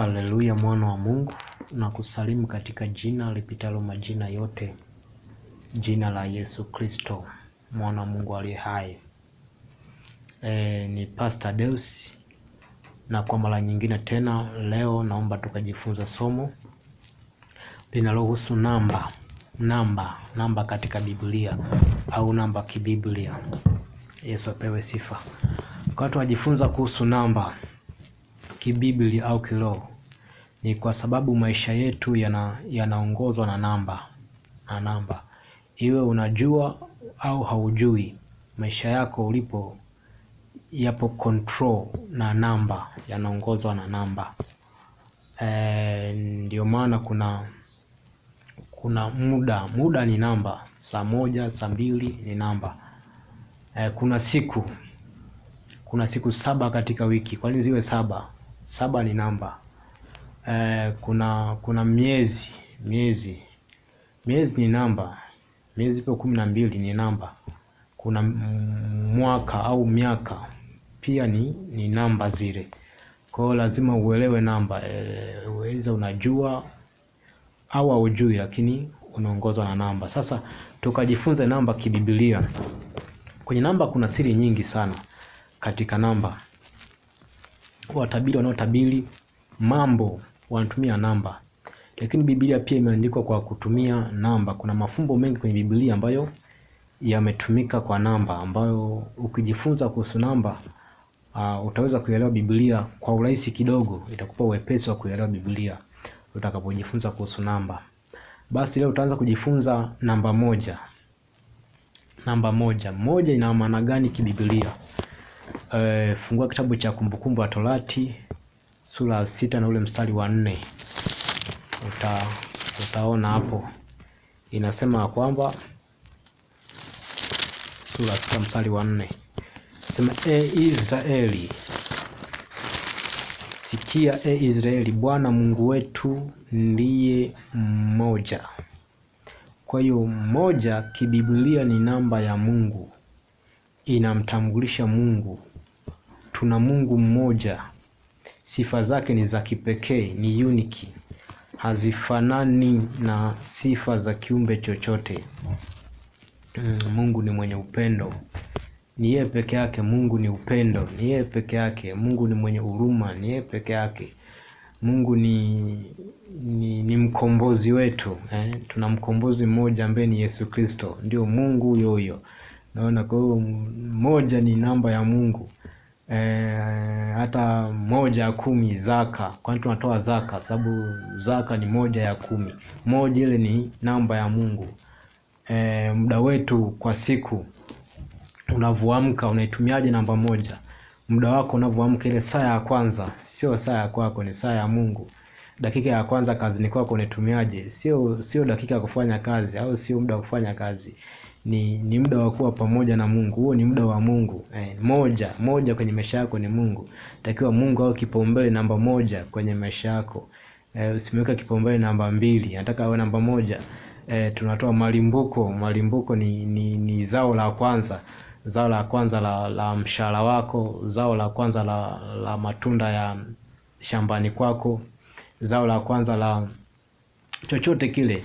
Haleluya mwana wa Mungu na kusalimu katika jina lipitalo majina yote, jina la Yesu Kristo mwana wa Mungu aliye hai. E, ni Pastor Deus na kwa mara nyingine tena leo naomba tukajifunza somo linalohusu namba namba namba katika Biblia au namba kibiblia. Yesu apewe sifa. Kwa tunajifunza kuhusu namba kibiblia au kiroho ni kwa sababu maisha yetu yanaongozwa yana na namba na namba, iwe unajua au haujui, maisha yako ulipo yapo control na namba, yanaongozwa na namba. E, ndio maana kuna kuna muda muda ni namba, saa moja saa mbili ni namba. E, kuna siku kuna siku saba katika wiki, kwa nini ziwe saba? Saba ni namba e, kuna kuna miezi miezi miezi ni namba, miezi ipo kumi na mbili ni namba. Kuna mwaka au miaka pia ni, ni namba zile, kwa hiyo lazima uelewe namba e, eh, uweza unajua au aujui lakini unaongozwa na namba. Sasa tukajifunze namba kibibilia. Kwenye namba kuna siri nyingi sana katika namba watabiri wanaotabiri mambo wanatumia namba, lakini Biblia pia imeandikwa kwa kutumia namba. Kuna mafumbo mengi kwenye Biblia ambayo yametumika kwa namba, ambayo ukijifunza kuhusu namba uh, utaweza kuelewa Biblia kwa urahisi kidogo, itakupa uwepesi wa kuelewa Biblia utakapojifunza kuhusu namba. Basi leo utaanza kujifunza namba moja. Namba moja, moja ina maana gani kibiblia? E, fungua kitabu cha Kumbukumbu la Torati sura ya sita na ule mstari wa nne uta, utaona hapo inasema kwamba sura sita mstari wa nne sema e Israeli, sikia e Israeli, Bwana Mungu wetu ndiye mmoja. Kwa hiyo mmoja kibiblia ni namba ya Mungu, inamtambulisha Mungu Tuna Mungu mmoja, sifa zake ni za kipekee, ni uniki, hazifanani na sifa za kiumbe chochote. Mm, Mungu ni mwenye upendo, ni yeye peke yake. Mungu ni upendo, ni yeye peke yake. Mungu ni mwenye huruma, ni yeye peke yake. Mungu ni, ni, ni mkombozi wetu eh? Tuna mkombozi mmoja ambaye ni Yesu Kristo, ndio Mungu huyo huyo. Naona kwa hiyo mmoja ni namba ya Mungu e, hata moja ya kumi zaka. Kwani tunatoa zaka sababu zaka ni moja ya kumi. Moja ile ni namba ya Mungu. E, muda wetu kwa siku unavyoamka unaitumiaje namba moja? Muda wako unavyoamka, ile saa ya kwanza sio saa ya kwako, ni saa ya Mungu. Dakika ya kwanza kazini kwako unaitumiaje? Sio sio dakika ya kufanya kazi au sio muda wa kufanya kazi ni muda wa kuwa pamoja na Mungu, huo ni muda wa Mungu. Eh, moja, moja kwenye maisha yako ni Mungu. Takiwa Mungu awe kipaumbele namba moja kwenye maisha yako. Eh, usimweke kipaumbele namba mbili, nataka awe namba moja. Eh, tunatoa malimbuko, malimbuko ni, ni, ni zao la kwanza zao la kwanza la, la mshahara wako, zao la kwanza la, la matunda ya shambani kwako, zao la kwanza la chochote kile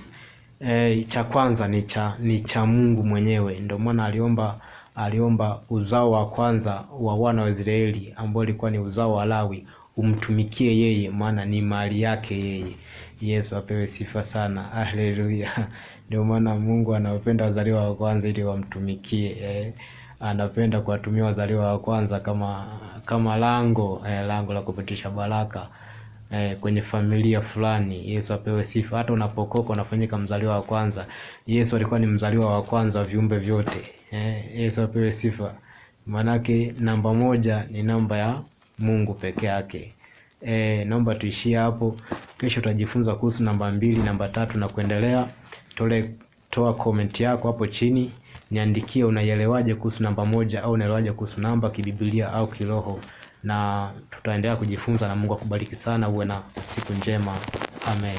e, cha kwanza ni cha, ni cha Mungu mwenyewe. Ndio maana aliomba aliomba uzao wa kwanza wa wana wa Israeli ambao alikuwa ni uzao wa Lawi umtumikie yeye, maana ni mali yake yeye. Yesu apewe sifa sana, haleluya. Ndio maana Mungu anawapenda wazaliwa wa kwanza ili wamtumikie eh. Anapenda kuwatumia wazaliwa wa kwanza kama kama lango eh, lango la kupitisha baraka eh, kwenye familia fulani. Yesu apewe sifa. Hata unapokoka unafanyika mzaliwa wa kwanza. Yesu alikuwa ni mzaliwa wa kwanza wa viumbe vyote. Eh, Yesu apewe sifa. Maanake namba moja ni namba ya Mungu peke yake. Eh, naomba tuishie hapo. Kesho tutajifunza kuhusu namba mbili, namba tatu na kuendelea. Tole, toa komenti yako hapo chini, niandikie unaielewaje kuhusu namba moja au unaelewaje kuhusu namba kibiblia au kiroho na tutaendelea kujifunza na Mungu akubariki sana, uwe na siku njema. Amen.